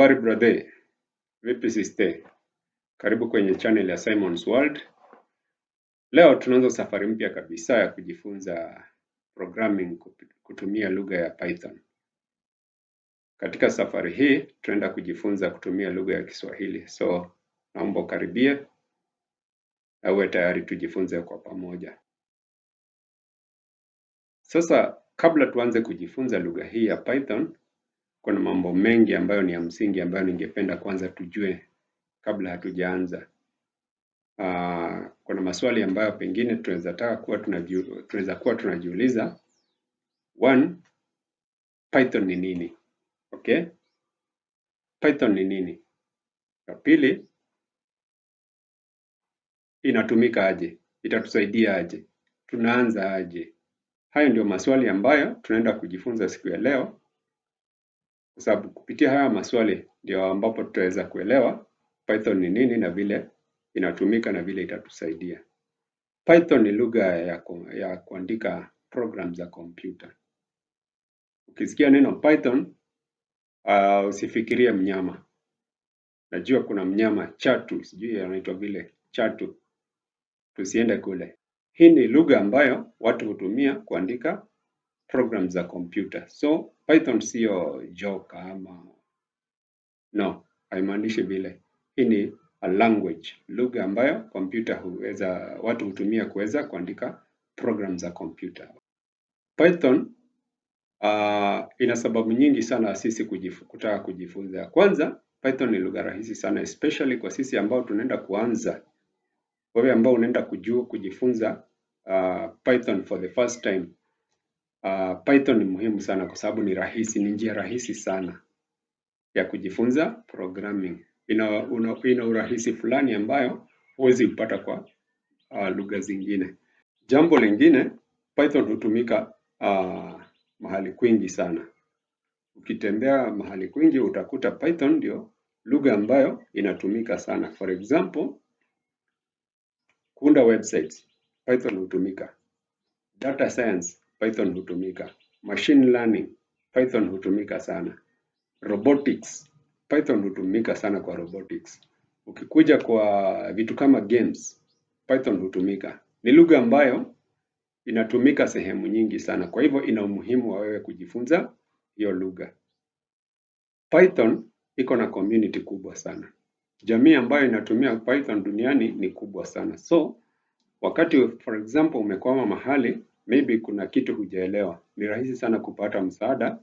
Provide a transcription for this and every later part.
Habari brother, vipi siste? Karibu kwenye channel ya Simon's World. Leo tunaanza safari mpya kabisa ya kujifunza programming kutumia lugha ya Python. Katika safari hii tunaenda kujifunza kutumia lugha ya Kiswahili, so naomba ukaribie na uwe tayari tujifunze kwa pamoja. Sasa kabla tuanze kujifunza lugha hii ya Python, kuna mambo mengi ambayo ni ya msingi ambayo ningependa kwanza tujue kabla hatujaanza. Uh, kuna maswali ambayo pengine tunaweza taka kuwa tunajiu, tunaweza kuwa tunajiuliza. One, Python ni nini? Okay? Python ni nini? Ya pili, inatumika aje? Itatusaidia aje? Tunaanza aje? Hayo ndio maswali ambayo tunaenda kujifunza siku ya leo kwa sababu kupitia haya maswali ndio ambapo tutaweza kuelewa Python ni nini na vile inatumika na vile itatusaidia. Python ni lugha ya, ya kuandika program za kompyuta. Ukisikia neno Python uh, usifikirie mnyama. Najua kuna mnyama chatu, sijui anaitwa vile chatu, tusiende kule. Hii ni lugha ambayo watu hutumia kuandika program za kompyuta. So Python siyo joka ama no, haimaanishi vile. Hii ni a language, lugha ambayo kompyuta huweza, watu hutumia kuweza kuandika program za kompyuta. Python uh, ina sababu nyingi sana sisi kujifu, kutaka kujifunza. Kwanza, Python ni lugha rahisi sana especially kwa sisi ambao tunaenda kuanza. Wewe ambao unaenda kujua kujifunza uh, Python for the first time Uh, Python ni muhimu sana kwa sababu ni rahisi, ni njia rahisi sana ya kujifunza programming. Ina, una, ina urahisi fulani ambayo huwezi kupata kwa uh, lugha zingine. Jambo lingine, Python hutumika uh, mahali kwingi sana. Ukitembea mahali kwingi utakuta Python ndio lugha ambayo inatumika sana. For example, kunda websites, Python hutumika. Data science Python hutumika. Machine learning, Python hutumika sana. Robotics, Python hutumika sana kwa robotics. Ukikuja kwa vitu kama games, Python hutumika. Ni lugha ambayo inatumika sehemu nyingi sana, kwa hivyo ina umuhimu wa wewe kujifunza hiyo lugha. Python iko na community kubwa sana. Jamii ambayo inatumia Python duniani ni kubwa sana, so wakati for example umekwama mahali maybe kuna kitu hujaelewa, ni rahisi sana kupata msaada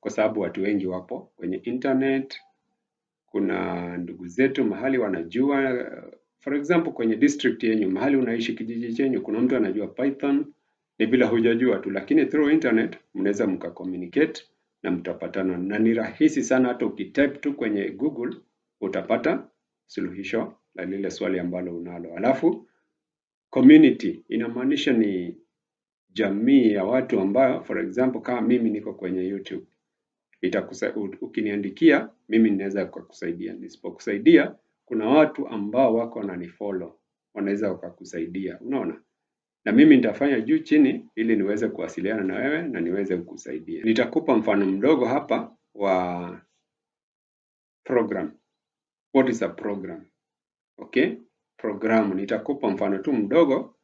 kwa sababu watu wengi wapo kwenye internet. Kuna ndugu zetu mahali wanajua, for example kwenye district yenyu, mahali unaishi, kijiji chenyu, kuna mtu anajua Python, ni bila hujajua tu, lakini through internet mnaweza communicate na mtapatana, na ni rahisi sana. Hata ukitype tu kwenye Google utapata suluhisho la lile swali ambalo unalo. Alafu community inamaanisha ni jamii ya watu ambayo for example kama mimi niko kwenye YouTube itakusa, ukiniandikia mimi ninaweza kukusaidia. Nisipokusaidia, kuna watu ambao wako na wananifollow wanaweza wakakusaidia, unaona na mimi nitafanya juu chini ili niweze kuwasiliana na wewe na niweze kukusaidia. Nitakupa mfano mdogo hapa wa program. What is a program? Okay, programu. Nitakupa mfano tu mdogo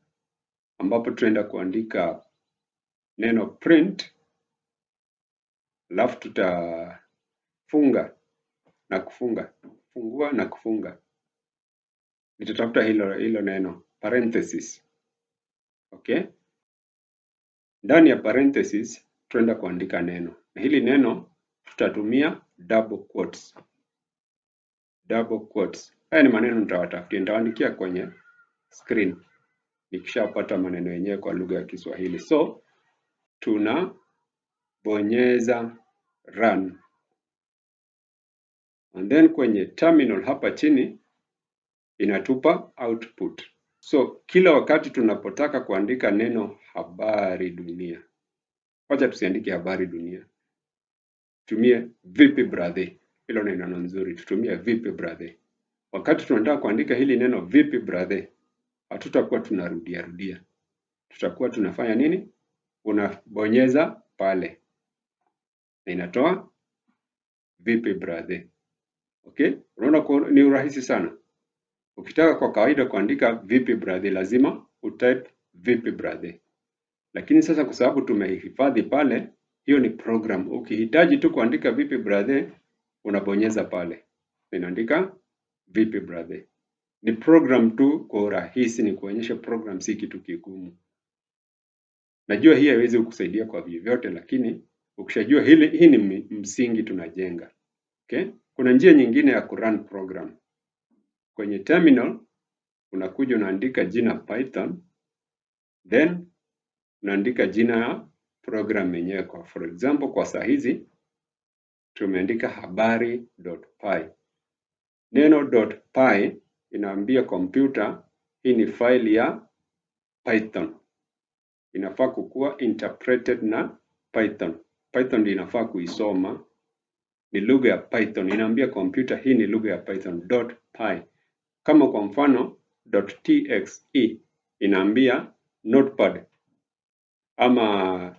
ambapo tunaenda kuandika neno print, alafu tutafunga na kufunga, fungua na kufunga. Nitatafuta hilo hilo neno parenthesis. Okay, ndani ya parenthesis tutaenda kuandika neno, na hili neno tutatumia double quotes. Double quotes. Haya ni maneno nitawatafutia, nitawaandikia kwenye screen nikishapata maneno yenyewe kwa lugha ya Kiswahili. So tunabonyeza run, and then kwenye terminal hapa chini inatupa output. So kila wakati tunapotaka kuandika neno habari dunia, wacha tusiandike habari dunia, tumie vipi brother. Hilo ni neno nzuri, tutumie vipi brother. Wakati tunataka kuandika hili neno vipi brother, hatutakuwa tunarudia rudia, tutakuwa tunafanya nini? Unabonyeza pale na inatoa vipi brother. Okay, unaona ni urahisi sana. Ukitaka kwa kawaida kuandika vipi brother, lazima utype vipi brother, lakini sasa kwa sababu tumehifadhi pale, hiyo ni program. Ukihitaji tu kuandika vipi brother, unabonyeza pale, inaandika vipi brother. Ni program tu kwa urahisi ni kuonyesha program si kitu kigumu. Najua hii haiwezi kukusaidia kwa vyovyote lakini ukishajua hili hii ni msingi tunajenga. Okay? Kuna njia nyingine ya kurun program. Kwenye terminal unakuja unaandika jina Python then unaandika jina ya program yenyewe kwa for example kwa saa hizi tumeandika habari.py. Neno .py inaambia kompyuta hii ni faili ya Python, inafaa kukuwa interpreted na Python. Python ndio inafaa kuisoma, ni lugha ya Python. Inaambia kompyuta hii ni lugha ya Python .py. Kama kwa mfano .txe inaambia Notepad ama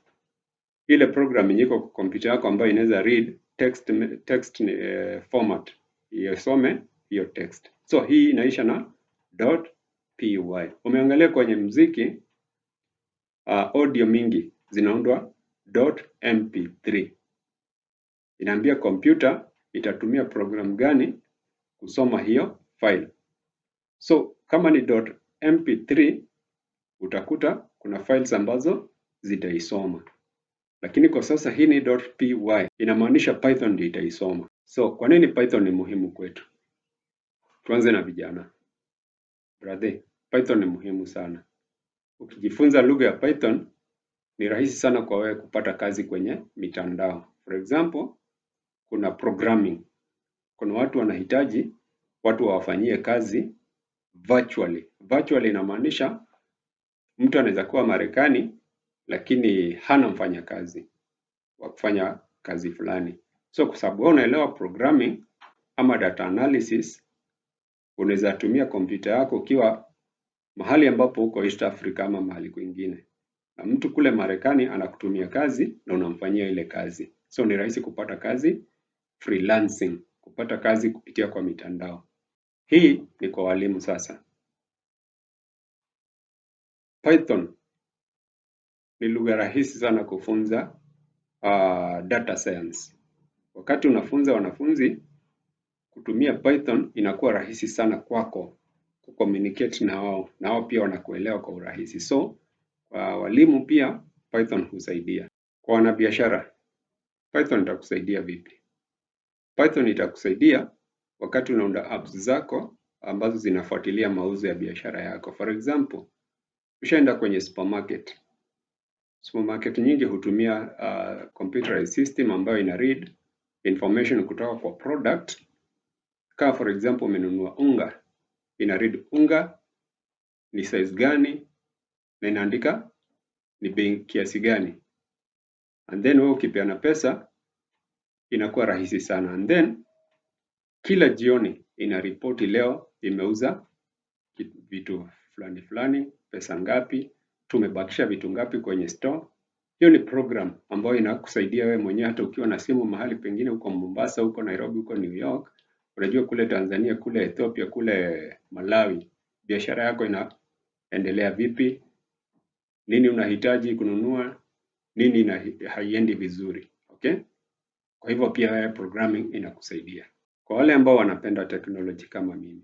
ile program nyiko kwa kompyuta yako ambayo inaweza read text, text uh, format isome hiyo text. So hii inaisha na .py. Umeangalia kwenye mziki uh, audio mingi zinaundwa .mp3. Inaambia kompyuta itatumia programu gani kusoma hiyo file. So kama ni .mp3 utakuta kuna files ambazo zitaisoma, lakini kwa sasa hii ni .py, inamaanisha Python ndio itaisoma. So kwa nini Python ni muhimu kwetu? Tuanze na vijana. Brother, Python ni muhimu sana. Ukijifunza lugha ya Python ni rahisi sana kwa wewe kupata kazi kwenye mitandao. For example, kuna programming. Kuna watu wanahitaji watu wawafanyie kazi virtually. Virtually inamaanisha mtu anaweza kuwa Marekani lakini hana mfanya kazi wa kufanya kazi fulani. So kwa sababu wewe unaelewa programming ama data analysis, unaweza tumia kompyuta yako ukiwa mahali ambapo uko East Africa ama mahali kwingine, na mtu kule Marekani anakutumia kazi na unamfanyia ile kazi, so ni rahisi kupata kazi freelancing, kupata kazi kupitia kwa mitandao. Hii ni kwa walimu sasa. Python ni lugha rahisi sana kufunza uh, data science. Wakati unafunza wanafunzi Kutumia Python inakuwa rahisi sana kwako kucommunicate na wao, na wao pia wanakuelewa kwa urahisi. So kwa walimu pia Python husaidia. Kwa wanabiashara Python itakusaidia vipi? Python itakusaidia wakati unaunda apps zako ambazo zinafuatilia mauzo ya biashara yako. For example, ushaenda kwenye supermarket. Supermarket nyingi hutumia uh, computerized system ambayo ina read information kutoka kwa product kama for example umenunua unga, ina read unga ni size gani na inaandika ni bei kiasi gani, and then wewe ukipeana pesa inakuwa rahisi sana, and then kila jioni ina ripoti leo imeuza vitu fulani fulani, pesa ngapi, tumebakisha vitu ngapi kwenye store. Hiyo ni program ambayo inakusaidia wewe mwenyewe hata ukiwa na simu mahali pengine, uko Mombasa, uko Nairobi, uko New York, Unajua kule Tanzania, kule Ethiopia, kule Malawi, biashara yako inaendelea vipi? Nini unahitaji kununua? Nini ina- haiendi vizuri? Okay, kwa hivyo pia wewe programming inakusaidia. Kwa wale ambao wanapenda teknoloji kama mimi,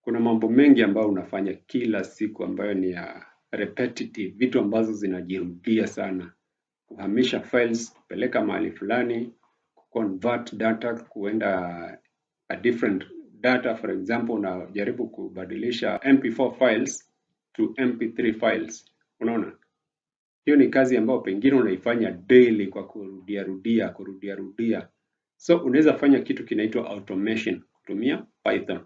kuna mambo mengi ambayo unafanya kila siku ambayo ni ya repetitive, vitu ambazo zinajirudia sana, kuhamisha files, kupeleka mahali fulani, convert data kuenda a different data. For example, unajaribu kubadilisha mp4 files to mp3 files. Unaona, hiyo ni kazi ambayo pengine unaifanya daily kwa kurudia rudia kurudia rudia, so unaweza fanya kitu kinaitwa automation kutumia Python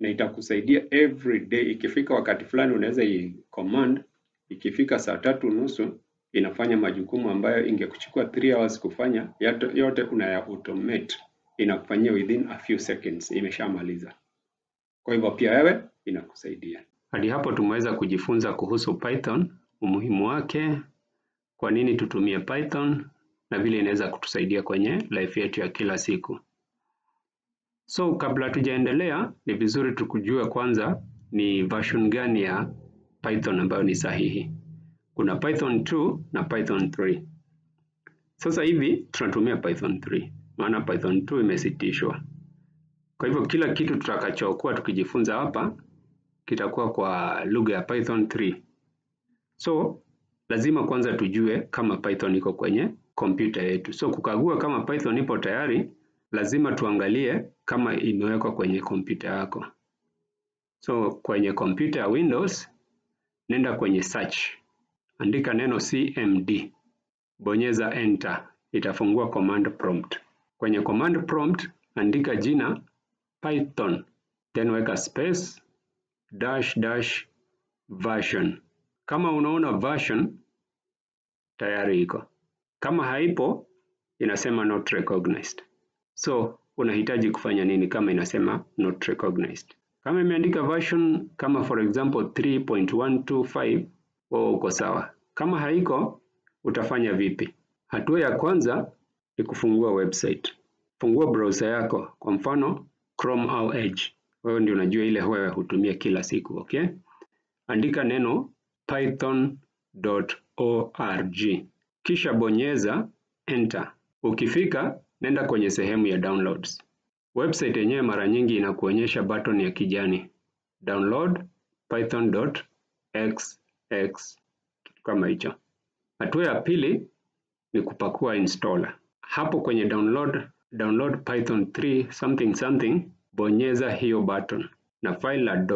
na itakusaidia every day. Ikifika wakati fulani unaweza i command, ikifika saa tatu nusu inafanya majukumu ambayo ingekuchukua 3 hours kufanya yote unaya automate, inakufanyia within a few seconds, imeshamaliza. Kwa hivyo pia wewe inakusaidia. Hadi hapo tumeweza kujifunza kuhusu Python, umuhimu wake, kwa nini tutumie Python na vile inaweza kutusaidia kwenye life yetu ya kila siku. So kabla tujaendelea, ni vizuri tukujue kwanza ni version gani ya Python ambayo ni sahihi. Kuna Python 2 na Python 3. Sasa hivi tunatumia Python 3, maana Python 2 imesitishwa. Kwa hivyo kila kitu tutakachokuwa tukijifunza hapa kitakuwa kwa lugha ya Python 3. So lazima kwanza tujue kama Python iko kwenye kompyuta yetu. So kukagua kama Python ipo tayari, lazima tuangalie kama imewekwa kwenye kompyuta yako. So kwenye kompyuta ya Windows nenda kwenye search andika neno cmd, bonyeza enter, itafungua command prompt. Kwenye command prompt andika jina python, then weka space dash dash version. Kama unaona version tayari iko, kama haipo inasema not recognized. So unahitaji kufanya nini kama inasema not recognized? Kama imeandika version kama for example 3.125 wewe oh, uko sawa. Kama haiko, utafanya vipi? Hatua ya kwanza ni kufungua website. Fungua browser yako, kwa mfano Chrome au Edge. Wewe ndio unajua ile wewe hutumia kila siku, okay? Andika neno python.org kisha bonyeza enter. Ukifika nenda kwenye sehemu ya downloads. Website yenyewe mara nyingi inakuonyesha button ya kijani download python.x x, kitu kama hicho. Hatua ya pili ni kupakua installer. Hapo kwenye download, download python 3 something something, bonyeza hiyo button na file la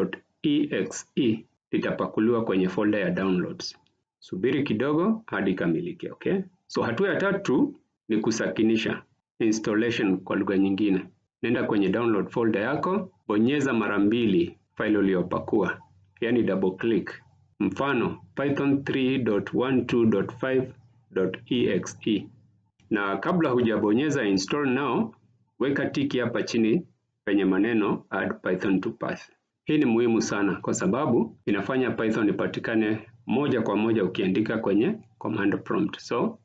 .exe litapakuliwa kwenye folder ya downloads. Subiri kidogo hadi ikamilike, okay? So hatua ya tatu ni kusakinisha installation kwa lugha nyingine. Nenda kwenye download folder yako, bonyeza mara mbili file uliyopakua, yani double click Mfano Python 3.12.5.exe. E e. Na kabla hujabonyeza install now, weka tiki hapa chini penye maneno add python to path. Hii ni muhimu sana kwa sababu inafanya python ipatikane moja kwa moja ukiandika kwenye command prompt. So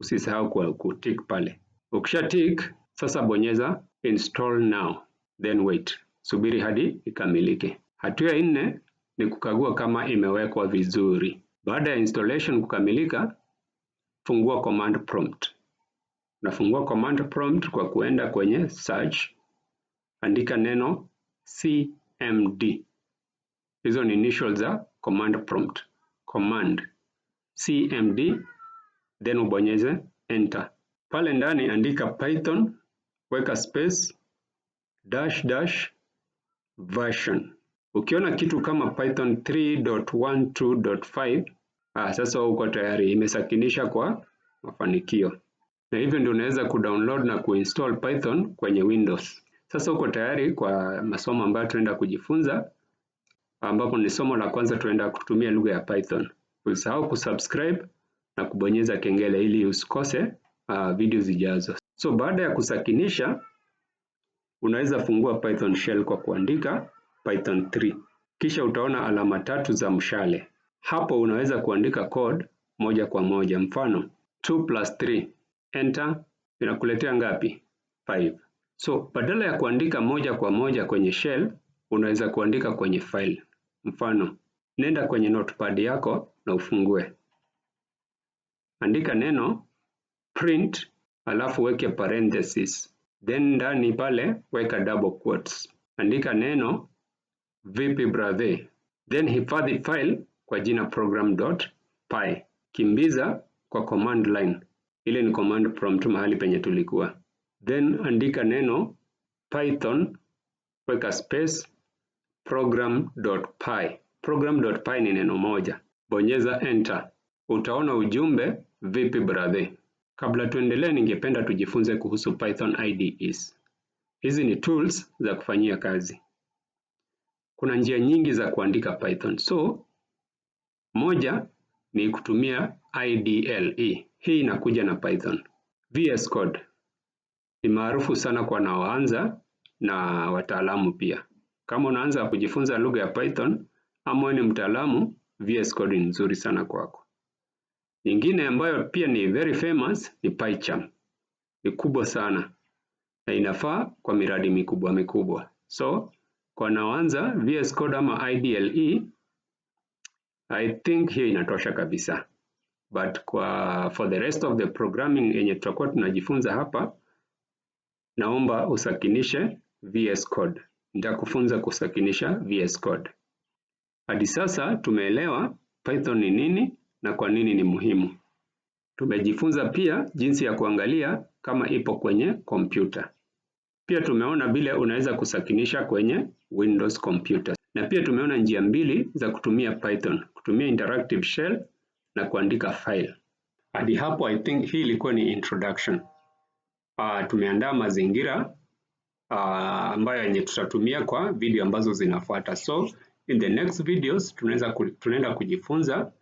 usisahau kwa kutik pale. Ukisha tik, sasa bonyeza install now, then wait, subiri hadi ikamilike. Hatua ya nne ni kukagua kama imewekwa vizuri. Baada ya installation kukamilika, fungua command prompt. Nafungua command prompt kwa kuenda kwenye search, andika neno cmd. Hizo ni initials za command prompt. Command cmd, then ubonyeze enter. Pale ndani andika python, weka space dash dash version Ukiona kitu kama Python 3.12.5 ah, sasa uko tayari, imesakinisha kwa mafanikio. Na hivyo ndio unaweza kudownload na kuinstall Python kwenye Windows. Sasa uko tayari kwa masomo ambayo tunaenda kujifunza, ambapo ni somo la kwanza tunaenda kutumia lugha ya Python. Usisahau kusubscribe na kubonyeza kengele ili usikose uh, video zijazo. So baada ya kusakinisha, unaweza fungua Python shell kwa kuandika Python3. Kisha utaona alama tatu za mshale. Hapo unaweza kuandika code moja kwa moja. Mfano 2 plus 3 enter, inakuletea ngapi? 5. So badala ya kuandika moja kwa moja kwenye shell, unaweza kuandika kwenye file. Mfano, nenda kwenye notepad yako na ufungue, andika neno print, alafu weke parenthesis, then ndani pale weka double quotes, andika neno vipi-brathe then hifadhi file kwa jina program.py, kimbiza kwa command line, ile ni command prompt mahali penye tulikuwa, then andika neno python, weka space program.py. Program.py ni neno moja, bonyeza enter, utaona ujumbe vipi brathe. Kabla tuendelee, ningependa tujifunze kuhusu Python IDEs. Hizi ni tools za kufanyia kazi kuna njia nyingi za kuandika Python. So moja ni kutumia IDLE. Hii inakuja na Python. VS Code ni maarufu sana kwa wanaoanza na wataalamu pia. Kama unaanza kujifunza lugha ya Python ama ni mtaalamu, VS Code ni nzuri sana kwako. Nyingine ambayo pia ni very famous ni PyCharm. Ni kubwa sana na inafaa kwa miradi mikubwa mikubwa. So wanaoanza VS Code ama IDLE, I think hiyo inatosha kabisa, but kwa for the rest of the programming yenye tutakuwa tunajifunza hapa, naomba usakinishe VS Code. Nitakufunza kusakinisha VS Code. Hadi sasa tumeelewa Python ni nini na kwa nini ni muhimu. Tumejifunza pia jinsi ya kuangalia kama ipo kwenye kompyuta. Pia tumeona vile unaweza kusakinisha kwenye Windows Computer. Na pia tumeona njia mbili za kutumia Python, kutumia interactive shell na kuandika file. Hadi hapo I think hii ilikuwa ni introduction. Uh, tumeandaa mazingira uh, ambayo yenye tutatumia kwa video ambazo zinafuata. So in the next videos tunaweza tunaenda kujifunza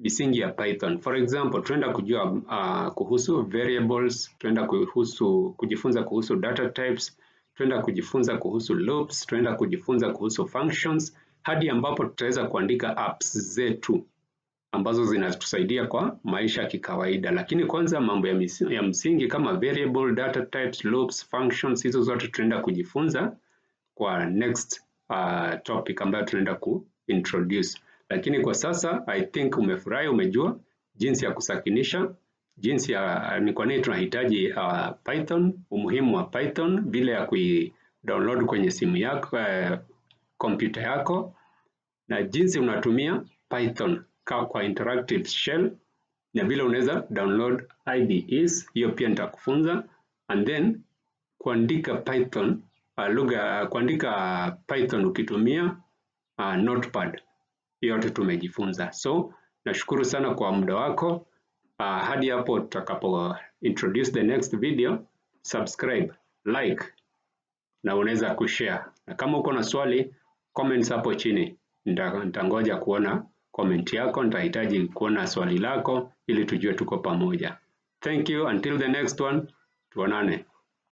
misingi ya Python. For example, tunaenda kujua uh, kuhusu variables, tunaenda kuhusu kujifunza kuhusu data types, tunaenda kujifunza kuhusu loops, tunaenda kujifunza kuhusu functions hadi ambapo tutaweza kuandika apps zetu ambazo zinatusaidia kwa maisha ya kikawaida. Lakini kwanza mambo ya msingi kama variable, data types, loops, functions hizo zote tunaenda kujifunza kwa next uh, topic ambayo tunaenda introduce. Lakini kwa sasa I think umefurahi, umejua jinsi ya kusakinisha jinsi ya ah, ni kwa nini tunahitaji uh, Python, umuhimu wa Python, vile ya kui download kwenye simu yako uh, kompyuta yako na jinsi unatumia Python kwa interactive shell na vile unaweza download IDEs, hiyo pia nitakufunza, and then kuandika Python uh, lugha uh, kuandika Python ukitumia uh, Notepad. Yote tumejifunza, so nashukuru sana kwa muda wako. Ah, uh, hadi hapo tutakapo introduce the next video, subscribe, like na unaweza kushare, na kama uko na swali comments hapo chini. Nitangoja kuona comment yako, nitahitaji kuona swali lako ili tujue tuko pamoja. Thank you until the next one, tuonane.